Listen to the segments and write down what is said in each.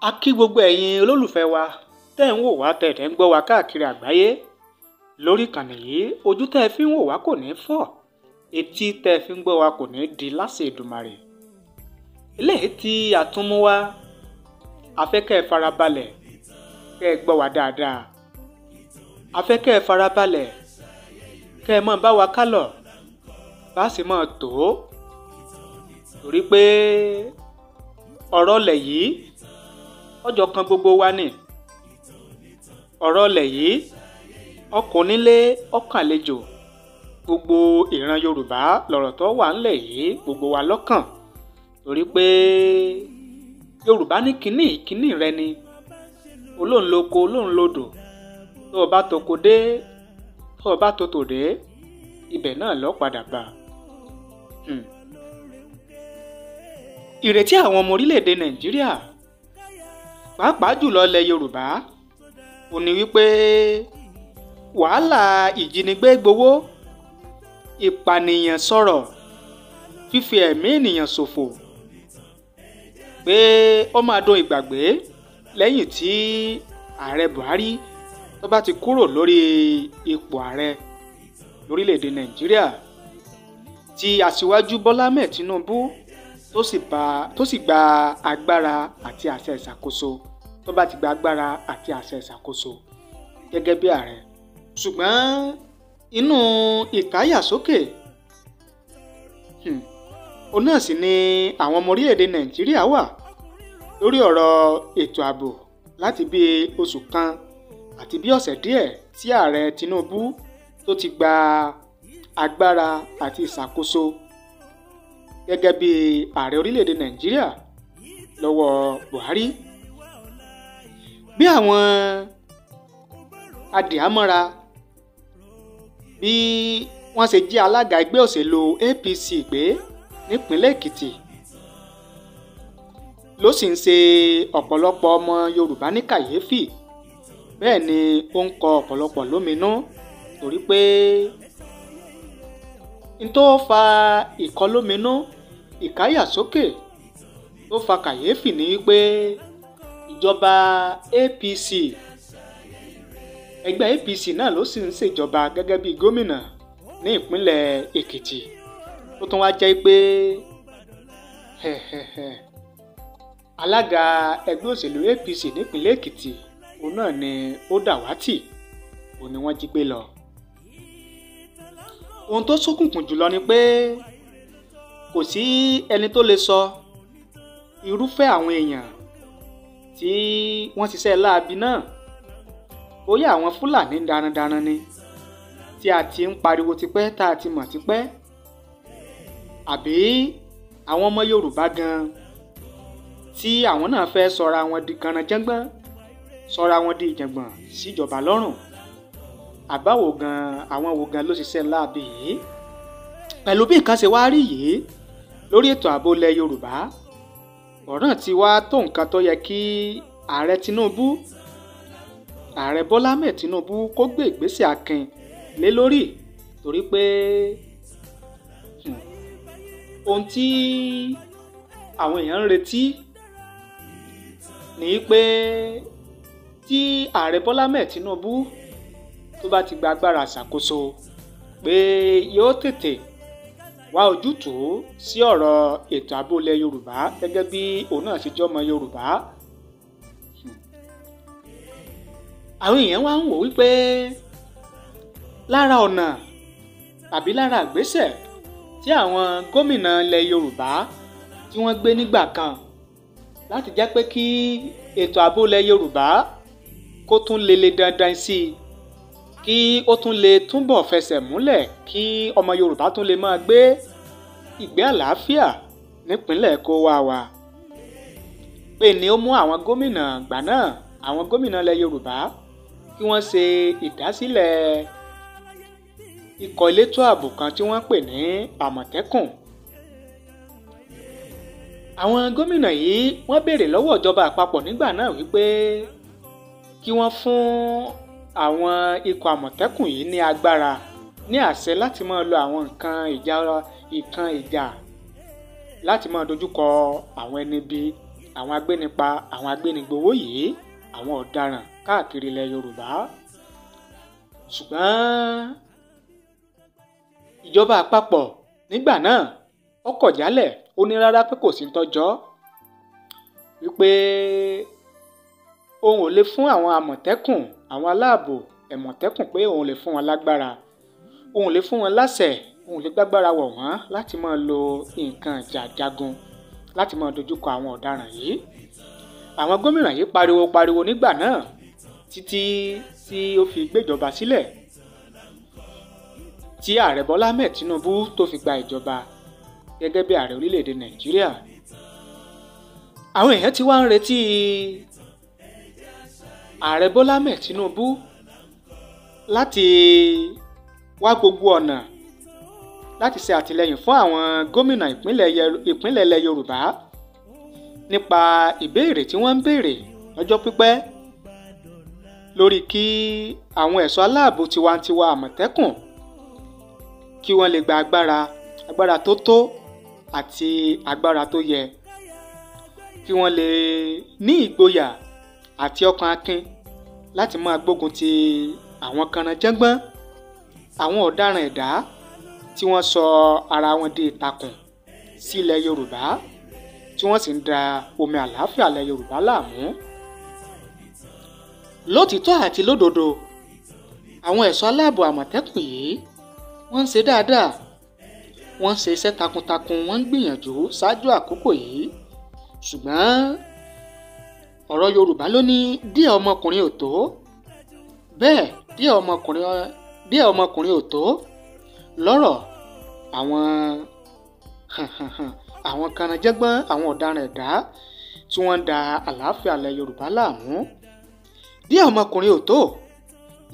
a kí gbogbo ẹ̀yin olólùfẹ́ wa tẹ́ ń wò wá tẹ̀tẹ̀ ń gbọ́ wa káàkiri àgbáyé lórí ìkànnì yìí ojú tẹ́ ẹ fi ń wò wá kò ní fọ́ etí tẹ́ ẹ fi ń gbọ́ wa kò ní di láṣẹ Èdùmàrè eléyìí tí a tún mú wá a fẹ́ kẹ́ ẹ farabalẹ̀ kẹ́ ẹ gbọ́ wa dáadáa a farabalẹ̀ kẹ́ ẹ mọ̀ bá wa kálọ̀ bá sì mọ̀ tó torí pé ọ̀rọ̀ lẹ̀ yìí ọjọ́ kan gbogbo wa ni ọ̀rọ̀ ọlẹ̀ yìí ọkùnrinlé ọkànlejò gbogbo ìran Yorùbá lọ̀rọ̀ tó wà ńlẹ̀ yìí gbogbo wa lọ́kàn torí pé Yorùbá ní kínní ìkínní rẹ ni olóhùn loko olóhùn lodò tó o bá toko dé tó o bá totò dé ibẹ̀ náà lọ padà bá hmm. ìrètí àwọn ọmọ orílẹ̀-èdè Nàìjíríà pàápàá jùlọ ilẹ̀ Yorùbá ò ní wípé wàhálà ìjínigbé gbowó ìpànìyàn sọ̀rọ̀ fífi ẹ̀mí ènìyàn ṣòfò pé ó máa dún ìgbàgbé lẹ́yìn tí ààrẹ Buhari tó bá ti kúrò lórí ipò ààrẹ lórílẹ̀‐èdè Nàìjíríà tí aṣíwájú Bọ́lá mẹ́ẹ̀ Tinubu tó sì gba agbára àti àṣẹ ìṣàkóso tó bá ti gba agbára àti àṣẹ ìṣàkóso gẹ́gẹ́ bí ààrẹ ṣùgbọ́n inú ìkáyàsókè hmm, òun náà sì ni àwọn ọmọ orílẹ̀-èdè nàìjíríà wà lórí ọ̀rọ̀ ètò ààbò láti bí oṣù kan àti bí ọ̀sẹ̀ díẹ̀ tí ààrẹ Tinubu tó ti gba agbára àti ìṣàkóso gẹ́gẹ́ bí ààrẹ orílẹ̀-èdè nàìjíríà lọ́wọ́ Buhari bí àwọn adìhámọ́ra bí wọ́n ṣe jẹ́ alága ẹgbẹ́ òṣèlú APC gbé nípínlẹ̀ Èkìtì ló sì ń ṣe ọ̀pọ̀lọpọ̀ ọmọ Yorùbá ní kàyéfì bẹ́ẹ̀ ni ó ń kọ ọ̀pọ̀lọpọ̀ lóminú torí pé n tó fa ìkọlóminú ìkáyàsókè tó fa kàyéfì ni wípé ìjọba APC ẹgbẹ́ APC náà ló sì ń ṣèjọba gẹ́gẹ́ bí gómìnà ní ìpínlẹ̀ Èkìtì tó tún wá jẹ́ pé alága ẹgbẹ́ òṣèlú APC nípínlẹ̀ Èkìtì òun náà ni ó dàwátì òun ni wọ́n jí gbé lọ. ohun tó ṣókùnkùn jùlọ ni pé kò sí ẹni tó lè sọ irúfẹ́ àwọn èèyàn tí wọ́n ṣiṣẹ́ láabi náà bóyá àwọn Fúlàní darandaran ni tí a ti ń pariwo tipẹ́ tá a ti mọ̀ tipẹ́ àbí àwọn ọmọ Yorùbá gan tí àwọn náà fẹ́ sọra wọn di kanranjẹ́ngbọ́n sọra wọn di ìjàngbọ̀n síjọba lọ́rùn àbáwo gan àwọn wo gan ló ṣiṣẹ́ láabi yìí pẹ̀lú bí nǹkan ṣe wá rí yìí lórí ètò ààbò ilẹ̀ Yorùbá ọ̀ràn ti wá tó nǹkan tó yẹ kí ààrẹ Tinubu ààrẹ Bọ́lá mẹ́ẹ̀ Tinubu kó gbé ìgbésẹ̀ akin lé lórí torí pé hmm, ohun tí àwọn èèyàn ń retí ni pé tí ààrẹ Bọ́lá mẹ́ẹ̀ Tinubu tó bá ti gba agbára ṣàkóso pé yóò tètè wá ojútùú sí ọ̀rọ̀ ètò ààbò ilẹ̀ Yorùbá gẹ́gẹ́ bí òun náà ṣe jọ́mọ Yorùbá. àwọn èèyàn wá ń wò wípé lára ọ̀nà àbí lára àgbésẹ̀ tí àwọn gómìnà ilẹ̀ Yorùbá tí wọ́n gbé nígbà kan láti jẹ́ pé kí ètò ààbò Yorùbá kó tún lele dandan sí i kí ó tún lè túbọ̀ fẹsẹ̀ múlẹ̀ kí ọmọ Yorùbá tún lè máa gbé ìgbé àlàáfíà nípínlẹ̀ kó wá wa. pé ni ó mú àwọn gómìnà gbà náà àwọn gómìnà ilẹ̀ Yorùbá kí wọ́n ṣe ìdásílẹ̀ ikọ̀ elétò ààbò kan tí wọ́n pè ní Àmọ̀tẹ́kùn. àwọn gómìnà yìí wọ́n béèrè lọ́wọ́ ìjọba àpapọ̀ nígbà náà wípé kí wọ́n fún àwọn ikọ̀ àmọ̀tẹ́kùn yìí ní agbára ní àṣẹ láti máa lo àwọn nǹkan ìjà ìkan ìjà láti máa dojúkọ àwọn ẹni bí àwọn agbénipa àwọn agbénigbowó yìí àwọn ọ̀daràn káàkiri ilẹ̀ Yorùbá ṣùgbọ́n ìjọba àpapọ̀ nígbà náà ó kọ̀ jálẹ̀ ó ní rárá pé kò sí tọ́jọ́ wípé òun ò lè fún àwọn àmọ̀tẹ́kùn àwọn aláàbò ẹ̀mọ̀tẹ́kùn pé òun lè fún wọn lágbára òun lè fún wọn láṣẹ òun lè gbágbára wọ̀ wọ́n láti máa lo nǹkan ìjà jagun láti máa dojúkọ àwọn ọ̀daràn yìí àwọn gómìnà yìí pariwo pariwo nígbà náà títí tí ó fi gbéjọba sílẹ̀ tí ààrẹ Bọ́lá Ahmed Tinubu tó fi gba ìjọba gẹ́gẹ́ bí ààrẹ orílẹ̀-èdè Nàìjíríà àwọn èèyàn ti wá ń retí ààrẹ Bọ́lá mẹ̀ Tinubu láti wá gbogbo ọ̀nà láti ṣe àtìlẹyìn fún àwọn gómìnà ìpínlẹ̀ ilẹ̀ Yorùbá nípa ìbéèrè tí wọ́n ń béèrè lọ́jọ́ pípẹ́ lórí kí àwọn ẹ̀ṣọ́ aláàbò tiwantiwa àmọ̀tẹ́kùn kí wọ́n lè gba agbára agbára tó tó àti agbára tó yẹ kí wọ́n lè ní ìgboyà àti ọkàn akin láti máa gbógun ti àwọn kànáńjẹ́gbọ́n àwọn ọ̀daràn ẹ̀dá tí wọ́n sọ ara wọn di ìtàkùn sí Yorùbá tí wọ́n sì ń da omi àlàáfíà ilẹ̀ Yorùbá láàmú. lótìtọ́ àti lódodo àwọn ẹ̀ṣọ́ aláàbò àmọ̀tẹ́kùn yìí wọ́n ń ṣe dáadáa wọ́n ń ṣe iṣẹ́ takuntakun wọ́n ń gbìyànjú ṣáájú àkókò yìí ṣùgbọ́n ọ̀rọ̀ Yorùbá ló ní díẹ̀ ọmọkùnrin ò tó bẹ́ẹ̀ díẹ̀ ọmọkùnrin díẹ̀ ọmọkùnrin ò tó lọ́rọ̀ àwọn àwọn kanajẹ́gbọ́n àwọn ọ̀daràn ẹ̀dá tí wọ́n ń da àlàáfíà ilẹ̀ Yorùbá láàmú díẹ̀ ọmọkùnrin ò tó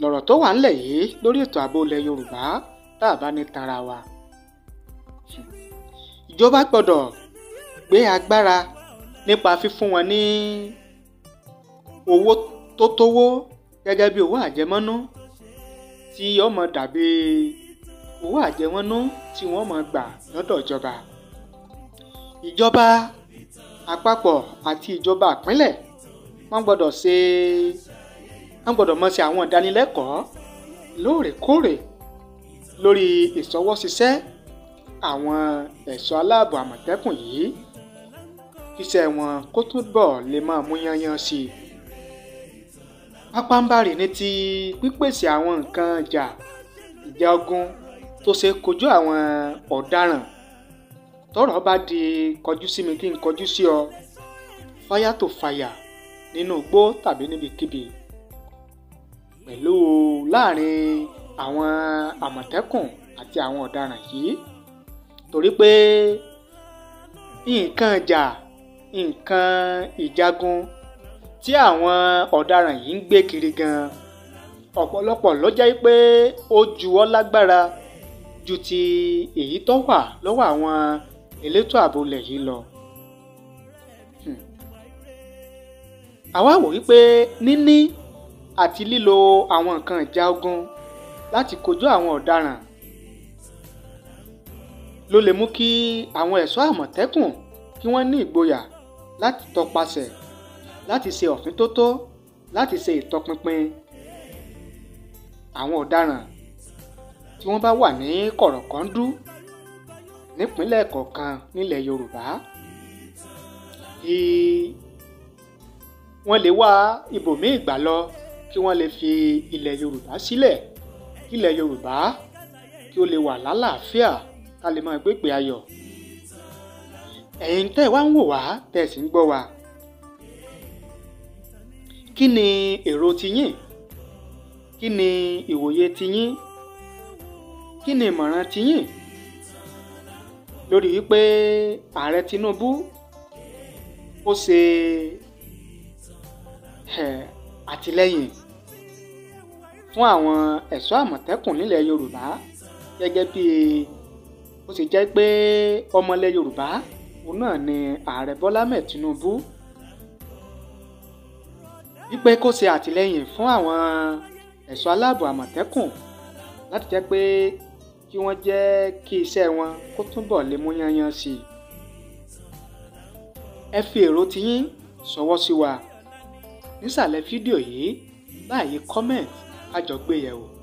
lọ̀rọ̀ tó wà ńlẹ̀ yìí lórí ètò ààbò ilẹ̀ Yorùbá tá a bá ní tara wa. ìjọba gbọ́dọ̀ gbé agbára nípa fífún wọn ní. Ni owó tó tówó gẹ́gẹ́ bí owó àjẹmọ́nú tí yóò dàbí owó àjẹmọ́nú tí wọ́n mọ gbà lọ́dọ̀ ìjọba ìjọba àpapọ̀ àti ìjọba ìpínlẹ̀ wọ́n gbọ́dọ̀ ṣe wọ́n gbọ́dọ̀ mọ ṣe àwọn ìdánilẹ́kọ̀ọ́ lóòrèkóòrè lórí ìṣọwọ́ṣiṣẹ́ àwọn ẹ̀ṣọ́ aláàbò àmọ̀tẹ́kùn yìí kíṣẹ́ wọn kó túbọ̀ lè máa mú yányán sí i pápánbárì ní ti pípèsè àwọn nǹkan ìjà ìjà ogun tó ṣe kojú àwọn ọ̀daràn tọ́rọ̀ bá di kọjú sí mi kí n kọjú sí ọ fáyà tó fàyà nínú igbó tàbí níbikíbi pẹ̀lú láàrin àwọn àmọ̀tẹ́kùn àti àwọn ọ̀daràn yìí torí pé nǹkan ìjà nǹkan ìjagun tí àwọn ọ̀daràn yìí ń gbé kiri gan-an ọ̀pọ̀lọpọ̀ ló jẹ́ pé ó ju ọ́ lágbára ju ti èyí tó wà lọ́wọ́ àwọn elétò ààbò ilẹ̀ yìí lọ. Hmm. àwa wò wípé níní àti lílo àwọn nǹkan ìjà ogun láti kojú àwọn ọ̀daràn ló lè mú kí àwọn ẹ̀ṣọ́ àmọ̀tẹ́kùn kí wọ́n ní ìgboyà láti tọpasẹ̀ láti ṣe ọ̀fíntótó láti ṣe ìtọpinpin àwọn ọ̀daràn tí wọ́n bá wà ní kọ̀rọ̀kọ́ndú nípínlẹ̀ kọ̀ọ̀kan nílẹ̀ Yorùbá kí wọ́n lè wá ibòmíì ìgbà lọ kí wọ́n lè fi ilẹ̀ Yorùbá sílẹ̀ kí ilẹ̀ Yorùbá kí ó lè wà lálàáfíà ká lè máa gbégbé ayọ̀ ẹ̀yin tẹ́ ẹ wá ń wò wá tẹ́ ẹ sì ń gbọ́ wa kí ni èrò tiyín kí ni ìwòye tiyín kí ni ìmọ̀ràn tiyín lórí wípé ààrẹ Tinubu ó ṣe àtìlẹ́yìn fún àwọn ẹ̀ṣọ́ àmọ̀tẹ́kùn nílẹ̀ Yorùbá gẹ́gẹ́ bí ó ṣe jẹ́ pé ọmọ ilẹ̀ Yorùbá òun náà ni ààrẹ Bọ́lá mẹ́ẹ̀ Tinubu wípé kó ṣe àtìlẹ́yìn fún àwọn ẹ̀ṣọ́ aláàbò àmọ̀tẹ́kùn láti jẹ́ pé kí wọ́n jẹ́ kí iṣẹ́ wọn kó túbọ̀ lè mú yanyan sí i. ẹ fi èrò tiyín ṣọwọ́ sí wa nísàlẹ̀ fídíò yìí láàyè comment ká jọ gbé yẹ̀wò.